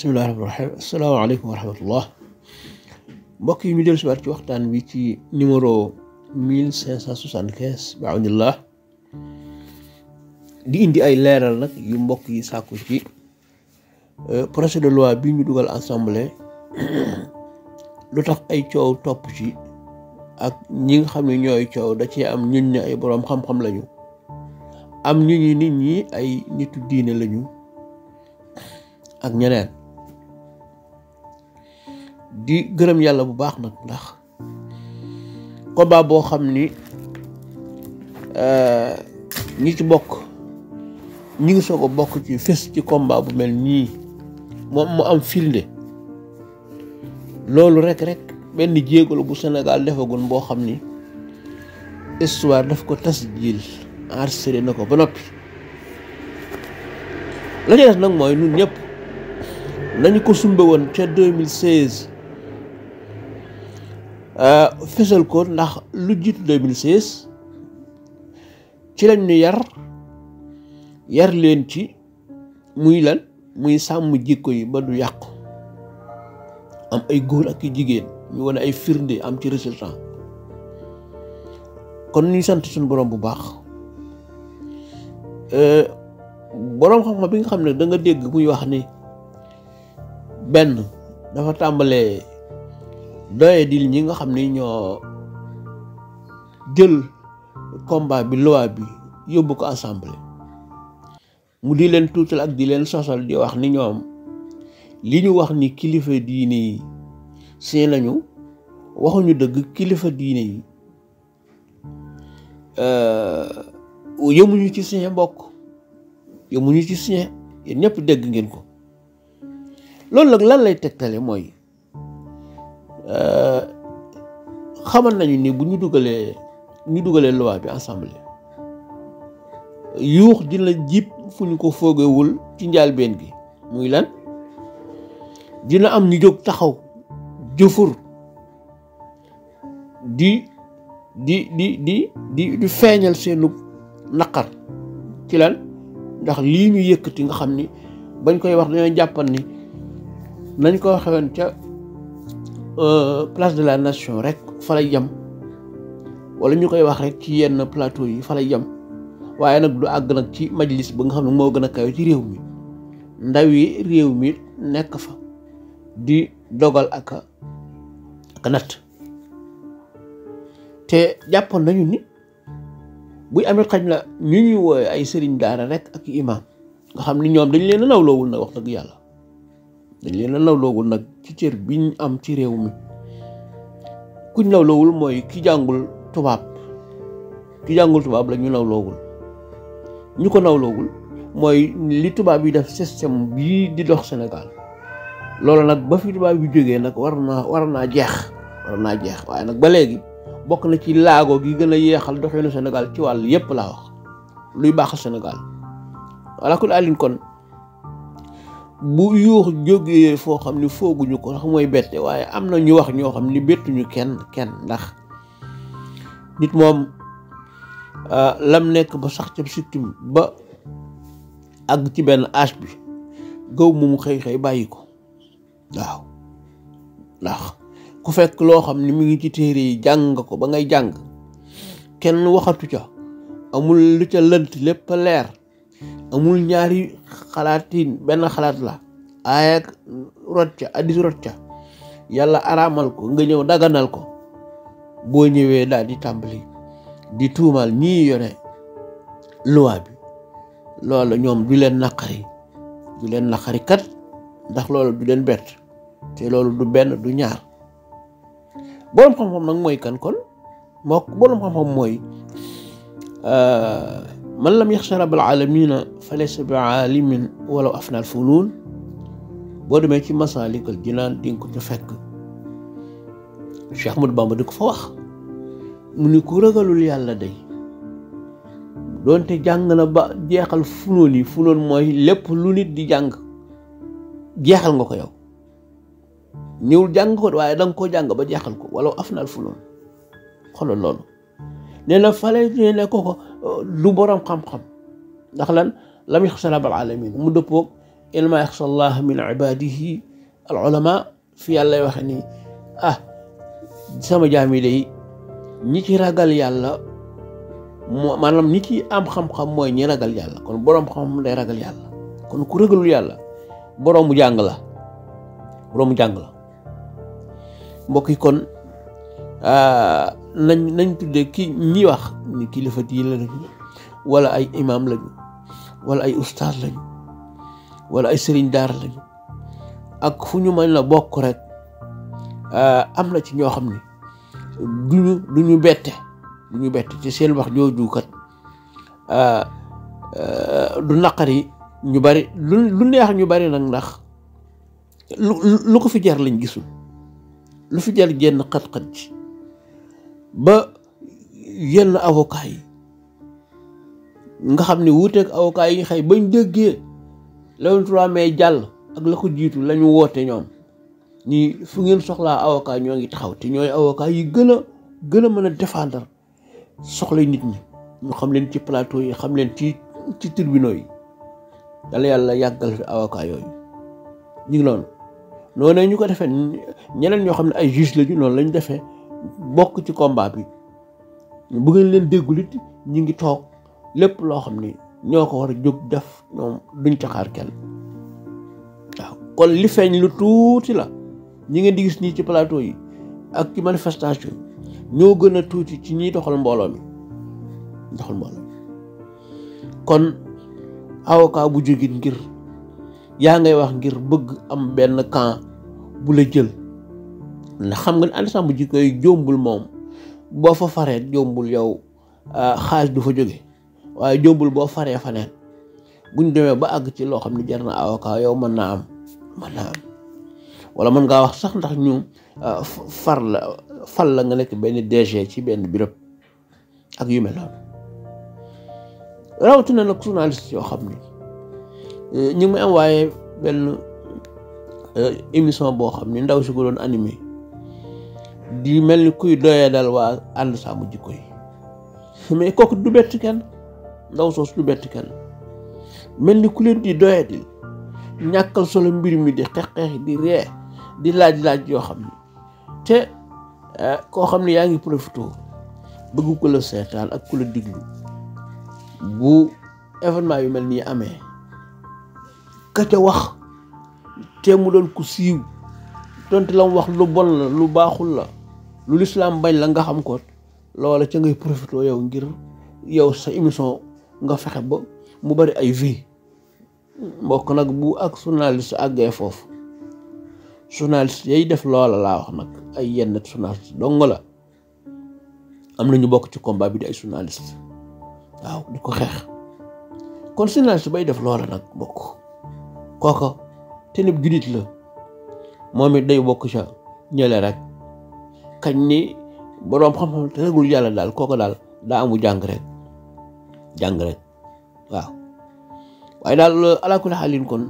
bisimilah rahmaani rahiim asalaamaaleykum wa rahmatullah mbokk yi ñu dellu si waat ci waxtaan bi ci numéro 1575 baanillah di indi ay leeral nag yu mbokk yi sàkku ci euh, projet de loi bi ñu dugal assemblée lu tax ay coow topp ci ak ñi nga xam ne ñooy coow da ci am ñun ñi ay boroom xam-xam lañu am ñu ñi nit ñi ay nitu diine lañu ak ñeneen di gërëm yàlla bu baax nag ndax combat boo xam ni euh, ñi ci bokk ñi ngi soog a bokk ci fés ci komba bu mel nii moom mu am filnde loolu rek rek benn jéego la bu Sénégal defagul boo xam ni histoire daf ko tas jiil enregistré na ko ba noppi la des nag mooy ñun ñëpp nañ ko sumbe woon ca 2016 Euh, fësal ko ndax lu jiitu 2016 ci lañ ñu yar yar leen ci muy lan muy sàmm jikko yi ba du yàqu am ay góor ak i jigéen ñu wane ay firnde am ci résultat kon ñu sant suñu borom bu baax euh, borom xam-xam bi nga xam ne danga dégg muy wax ni benn dafa tàmbalee. doye dil ñi nga xam ni ñoo jël combat bi loi bi yóbbu ko assemblée mu di leen tuutal ak di leen sosal di wax ni ñoom li ñu wax ni kilifa diine yi see nañu waxuñu dëgg kilifa diine yi euh, yëmuñu ci seen mbokk yëmuñu ci seen yéen ñëpp dégg ngeen ko loolu nag lan lay tegtale mooy Euh, xamal nañu ni bu ñu dugalee ñu dugalee loi bi ensemble yuux dina jib fuñ ko ko wul ci ben gi muy lan dina am ñu jog taxaw jëfur di di di di di di feñal seenu nakar. ci lan ndax li ñu yëkëti nga xamni bañ koy wax dañu jappal ni nañ ko waxewon ca Euh, place de la nation rek fa lay yem wala ñu koy wax rek ci yenn plateau yi fa lay yem waaye nag du àgg nag ci majlis ba nga xam ne moo gën a kawe ci réew mi ndaw yi réew mi nekk fa di dogal ak ak natt te jàppoon nañu ni buy amee xaj la ñu ñuy wooye ay sëriñ daara rek ak imaam nga xam ni ñoom dañ leen a nawloowul na wax dëgg yàlla dañ leen a nawloowul nag ci cër ñu am ci réew mi kuñ nawloowul mooy ki jàngul tubaab ki jàngul tubaab la ñu nawloowul ñu ko nawloogul mooy li tubaab yi def système bii di dox Sénégal loolu nag ba fi tubaab yi jógee nag war naa war naa jeex naa jeex waaye nag ba léegi bokk na ci laago gi gën a yeexal doxinu Sénégal ci wàll yépp laa wax luy baaxal Sénégal walla kul alin kon bu yuux jógee foo xam ni fooguñu ko ndax mooy bette waaye am na ñu wax ñoo xam ni bettuñu kenn kenn ndax nit moom euh, lam nekk ba sax ca sittim ba ak ci benn âge bi gaw mu xëy-xëy bàyyi ko waaw ndax ku fekk loo xam ni mu ngi ci téere yi jàng nga ko ba ngay jàng kenn waxatu ca amul lu ca lënt lépp leer amul ñaari xalaatin benn xalaat la aaya rot ca addis rot yàlla araamal ko nga ñëw daganal ko boo ñëwee daal di tàmbali di tuumaal ñii yore luwa bi loolu ñoom du leen naqari du leen naqari kat ndax loolu du leen bett te loolu du benn du ñaar boroom xam-xam nag mooy kan kon moo boroom xam-xam mooy euh, من لم يخش رب العالمين فليس بعالم ولو افنى الفنون بود ما كي مساليك الجنان دين كنت فك شيخ محمد بامبو ديك فوخ مني كو رغالول يالا داي دونتي جان نا با جيخال فنون ني فنون موي ليب لو نيت دي جان جيخال نغاكو ياو نيول جان كو واي دان كو جان با جيخال كو ولو افنى الفنون خلو لولو nee na fale nee na koko lu boroom xam-xam ndax lan lam yaxsa rabbal alamin mu dëppoog ilma yaxsa allah min ibadihi al ulama fi yàlla waxe ni ah sama jaam yi day ñi ci ragal yàlla moo maanaam ñi ci am xam-xam mooy ñi ragal yàlla kon boroom xam-xam day ragal yàlla kon ku ragalul yàlla boroomu mu la boroomu jàng la mbokk yi ah, nañ nañ tuddee ki ñi wax ni kilifa diine lañu wala ay imaam lañu wala ay ustaas lañu wala ay sëriñ daara lañu ak fu ñu mën na bokk rek eh, am na ci ñoo xam ne duñu du ñu bette du ñu bette ci seen wax jooju kat eh, eh, du naqari ñu bari lu lu neex ñu bari nag ndax lu lu ko fi jar lañ gisul lu fi jar genn xat-xat ci ba yenn avocat yi nga xam ne wuuteeg avocat yi ñu xëy bañ déggee le 23 mai jàll ak la ko jiitu lañu woote ñoom ñi fu ngeen soxlaa awokaa ñoo ngi taxaw te ñooy avocat yi gën a gën a mën a défendre soxla nit ñi ñu xam leen ci plateau yi xam leen ci ci tribunaux yi dala yàlla yàggal fi awokaa yooyu ñu ngi noonu noonu ñu ko defee ñeneen ñoo xam ne ay juge lañu noonu lañ defee bokk ci combat bi bu ngeen leen déggul ñu ngi toog lépp loo xam ni ñoo ko war a jóg def ñoom duñ caxaar kenn waaw kon li feeñ lu tuuti la ñi ngeen di gis nii ci plateau yi ak ci manifestation ñoo gën a tuuti ci ñiy doxal mbooloo mi doxal mbooloo kon avocat bu jógit ngir yaa ngay wax ngir bëgg am benn camp bu la jël la xam nga ne ensemble ji koy jombul moom boo fa faree jombul yow euh, xaalis du fa jóge waaye jombul boo faree faneen buñ demee ba àgg ci loo xam ne jar na avocat yow mën naa am wala mën ngaa wax sax ndax ñu euh, far la nga nekk benn DG ci benn bureau ak yu mel noonu rawatina nag journaliste yoo xam ne euh, ñu ngi am waaye benn émission boo xam ne ndaw si ko doon animé di mel ni kuy doyee dal waa ànd saamu jikko yi mais kooku du bett kenn ndaw soos du bett kenn mel ni ku leen di doyee di ñàkkal solo mbir mi di xeex-xeex di ree di laaj-laaj yoo xam ne te eh, koo xam ne yaa ngi profité bëgg ku la seetaan ak ku la diglu bu événement yu mel nii amee ka ca wax te mu doon ku siiw donte la mu wax lu bon la lu baaxul la lu lislaam bañ la nga xam ko loola ca ngay profitoo yow ngir yow sa émission nga fexe ba mu bari ay vie mbokk nag bu ak journaliste àggee foofu journaliste yay def loola laa wax nag ay yenn journaliste dong la am na ñu bokk ci combat bi di ay journaliste waaw di ko xeex kon journaliste bay def loola nag bokk kooka te nib julit la moom it day bokk ca ñële rek kañ ni boroom xam-xam te ragul yàlla daal kooku daal daa amu jàng rek waaw waaye daal ala kulli xaalin kon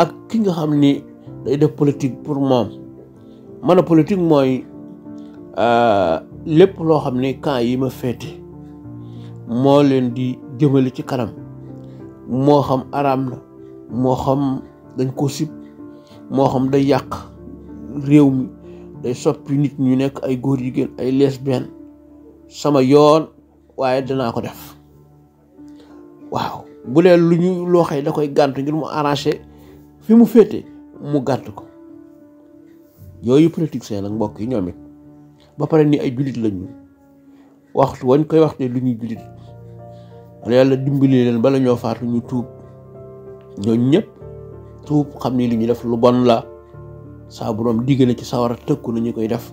ak ki nga xam ni day def politique pour moom man a politique mooy euh, lépp loo xam ni camp yi ma féete moo leen di jëmale ci kanam moo xam araam na moo xam dañ ko sib moo xam day yàq réew mi day soppi nit ñu nekk ay góor génn ay lesbienne sama yoon waaye danaa ko def waaw bu leen lu ñu loo xëy da koy gàntu ngir mu arrangé fi mu féete mu gàntu ko yooyu politiciens nag mbokk yi ñoom it ba pare ni ay jullit lañu waxtu wañ koy waxte lu ñuy jullit wala yàlla dimbali leen bala ñoo faatu ñu tuub ñooñ ñëpp tuub xam ni li ñu def lu bon la saa borom digg na ci sawara tëkku nañu koy def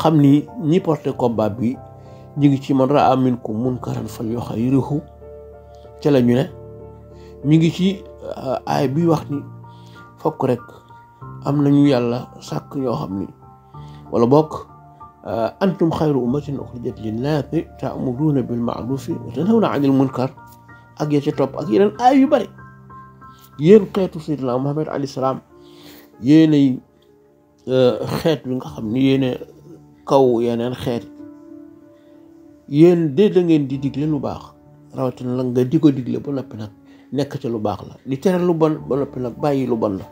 xam ni ñi porté combat bi ñu ngi ci man ra amin ku munkaran fal yughayyiruhu ca la ñu ne ñu ngi ci uh, aay bi wax ni fokk rek am nañu yàlla sàkk ñoo xam ni wala bokk uh, antum xayru ummatin uxrijat linnaasi taamuruuna bil maarufi wa tanhawna anil munkar ak ya ca topp ak yeneen aay yu bari yéen xeetu sayyidina Muhammad alayhi salaam yéenay euh, xeet bi nga xam ni yéene kaw yeneen xeet yéen de da ngeen di digle lu baax rawatina la nga di ko digle ba noppi nag nekk ci lu baax la di tere lu bon ba noppi nag bàyyi lu bon la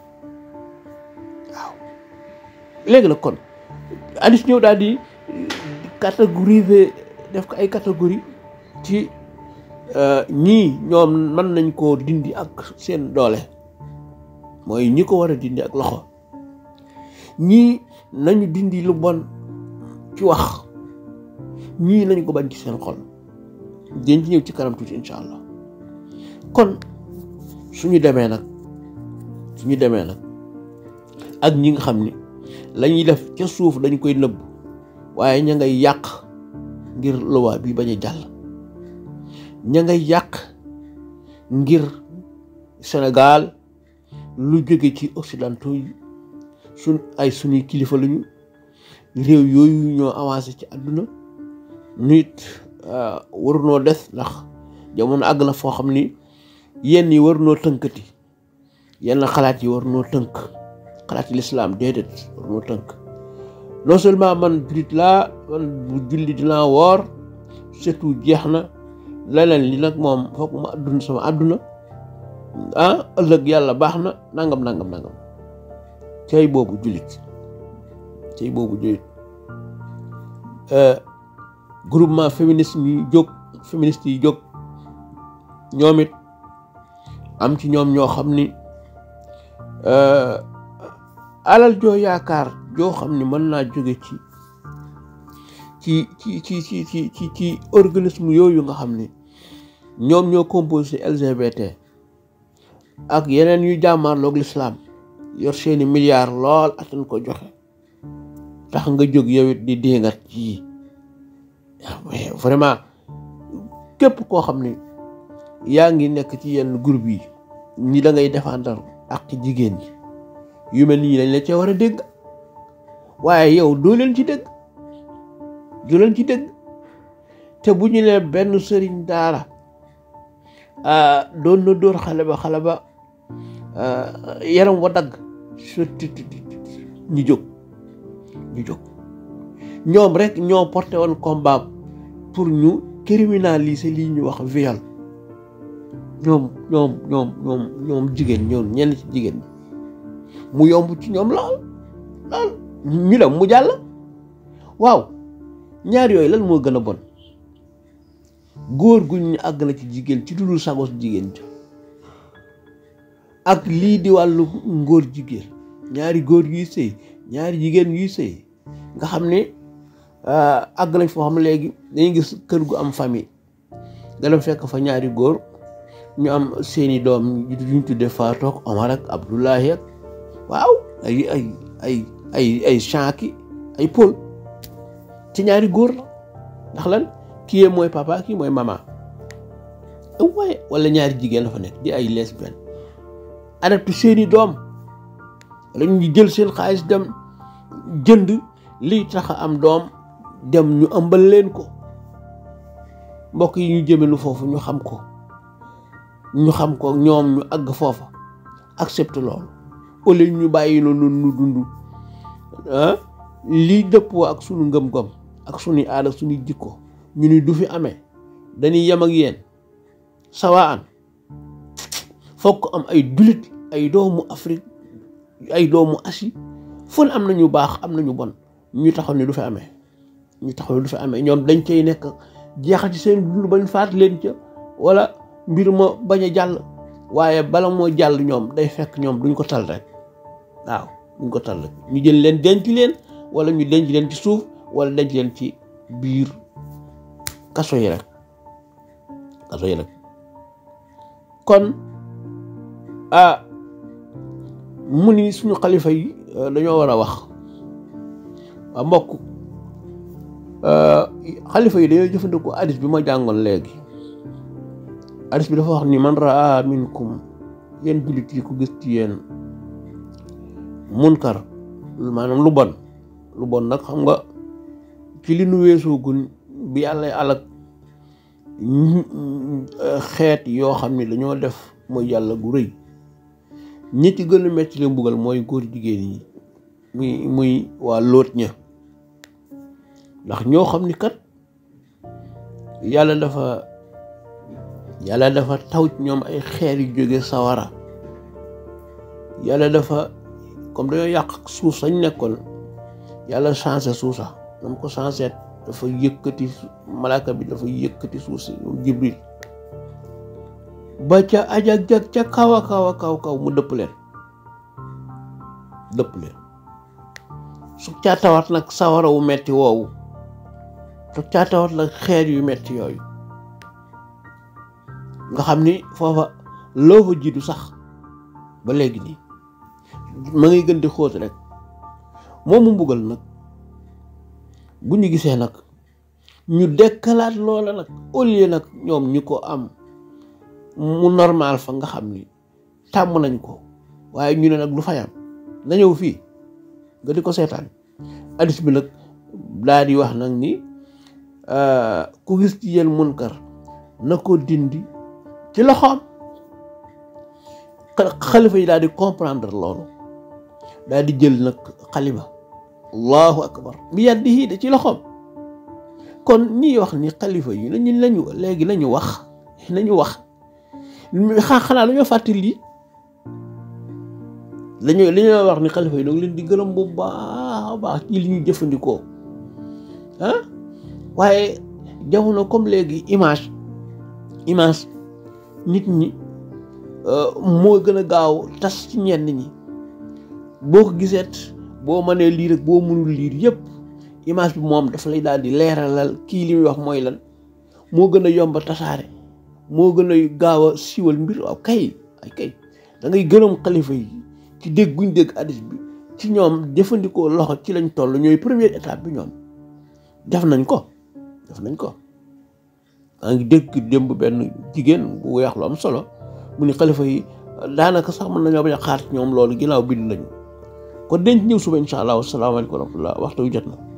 léegi la kon addis ñëw daal di catégoriser def ko ay catégorie ci euh, ñii ñoom mën nañ koo dindi ak seen doole mooy ñi ko war a dindi ak loxo ñii nañu dindi lu bon ci wax ñii nañu ko bañ ci seen xol dinañ ci ñëw ci karam tuuti incha allah kon suñu demee nag suñu demee nag ak ñi nga xam ni la def ca suuf dañ koy nëbb waaye ña ngay yàq ngir loi bi bañ a jàll ña ngay yàq ngir Sénégal lu jóge ci occidentaux yi suñ ay suñuy kilifa lañu réew yooyu ñoo avancé ci àdduna nit euh, warunoo des ndax jamono àgg na foo xam ni yenn yi warunoo tënkati yenn xalaat yi warunoo tënk xalaat yi lislaam déedéet warunoo tënk non seulement man jullit laa man bu julli dinaa woor surtout jeex na leneen li nag moom foog ma àdduna sama àdduna a ah, ëllëg yàlla baax na nangam nangam nangam cey boobu julit cey boobu jullit eh, groupement féministe yi jóg féministe jóg ñoom it am ci ñoom ñoo xam ni eh, alal joo yaakaar joo xam ni mën naa jóge ci ci ci ci ci ci ci ci organisme yooyu nga xam ni ñoom ñoo composé LGBT ak yeneen yu jàmmaarloog lislaam yor seeni milliards lool atan ko joxe tax nga jóg yowit di déngat ci ah, mais vraiment képp koo xam ni yaa ngi nekk ci yenn groupe yi ñi da ngay défendre ak jigéen ñi yu mel nii dañ la cee war a dégg waaye yow doo leen ci dégg doo ci dégg te bu ñu nee benn sëriñ daara Euh, doon na dóor xale ba xale ba euh, yaram wa dagg ñu jóg ñu jóg ñoom rek ñoo porté woon combat pour ñu criminaliser lii ñu wax viol ñoom ñoom ñoom ñoom ñoom jigéen ñoom ñenn ci jigéen mu yomb ci ñoom lool lool ñu dem mu jàll waaw ñaar yooyu lan moo gën a bon góor gu ñu àggale ci jigéen ci dudul sagos jigéen ja ak lii di wàllu ngóor jigéen ñaari góor yuy sëy ñaari jigéen yuy sëy nga xam ne ah, àggale foo xam léegi dañuy gis kër gu am famille nga dem fekk fa ñaari góor ñu am seeni doom ñu tudde Fatou ak Omar ak Abdoulaye waaw ay ay ay ay ay ay Paul ci ñaari góor la kii mooy papa kii mooy mama walla wala ñaari jigéen la fa nekk di ay lesbienne adapté seeni doom wala ñu jël seen xaalis dem jënd liy tax am doom dem ñu ëmbal leen ko mbokk yi ñu jëmenu foofu ñu xam ko ñu xam ko ñoom ñu àgg foofa accepte loolu au lieu ñu bàyyi noonu ñu dund ah lii dëppoo ak sunu ngëm-ngëm ak sunuy aada sunuy jikko ñu ni du fi amee dañuy yem ak yéen sawaan fokk am ay dulit ay doomu Afrique ay doomu Asie fun am na ñu baax am nañu bon ñu taxaw ni du fi amee ñu taxaw ni du fi amee ñoom dañ cay nekk jeexal ci seen dund bañ faat leen ca wala mbir ma bañ a jàll waaye bala moo jàll ñoom day fekk ñoom duñ ko tal rek waaw duñ ko tal rek ñu jël leen denc leen wala ñu denc leen ci suuf wala denc leen ci biir kaso yi rek kon ah mu suñu xalifa yi dañoo war a wax waa mbokk xalifa yi dañoo jëfandikoo hadis bi ma jàngoon léegi hadis bi dafa wax ni man raa minkum yéen jullit yi ku gis ci yéen munkar maanaam lu bon lu bon nag xam nga ci li nu weesoo bi yàlla alak euh, xeet yoo xam ne dañoo def mooy yàlla gu rëy ñi ci gën metti la mbugal mooy góor jigéen yi muy muy waa lóot ña ndax ñoo xam ni kat yàlla dafa yàlla dafa taw ñoom ay xeer yu sawara yàlla dafa comme dañoo yàq suuf sañ nekkoon yàlla changé suuf sax dama ko changé dafa yëkkati malaaka bi dafa yëkkati suuf jibril ba ca ajak-jak ca kaw a kaw a mu dëpp leen dëpp leen su caa nag sawara wu metti woowu su caa tawaat nag xeer yu metti yooyu nga xam ni foofa loo fa jiitu sax ba léegi nii ma ngi gën di xóot rek moom mu mbugal nag bu ñu gisee nag ñu dekkalaat loola nag au nag ñoom ñu ko am mu normal fa nga xam ni tàmm nañ ko waaye ñu ne nag lu fayam na ñëw fii nga di ko seetaan addis bi nag daa di wax nag ni euh, ku gis ci yéen munkar na ko dindi ci loxoom xalifa yi daal di comprendre loolu daal di jël nag xalima allahu akbar bi de da ci loxoom kon ñiy wax ni xalifa yi lañu lañu léegi nañu wax nañu wax xanaa dañoo fàttali lii dañoo dañoo wax ni xalifa yi doongi leen di gërëm bu baax a baax ci li ñu jëfandikoo waaye jamono comme léegi image image nit ñi euh, moo gën a gaaw tas ci ñenn ñi boo ko giseet boo mënee lii rek boo mënul lire yëpp image bi moom dafa lay daal di leeralal kii li muy wax mooy lan moo gën a yomb a tasaare moo gën a gaaw a siwal mbir waaw kay ay kay gërëm xalifa yi ci dégg guñ dégg hadis bi ci ñoom jëfandikoo loxo ci lañ toll ñooy première étape bi ñoom def nañ ko def nañ ko maa ngi dégg démb benn jigéen bu weex lu am solo mu xalifa yi daanaka sax mun nañoo bañ a ñoom loolu ginnaaw bind nañu war denc ñëw suba incha allah wasalaamaaleykum wa rahmatullah waxtu wi jot na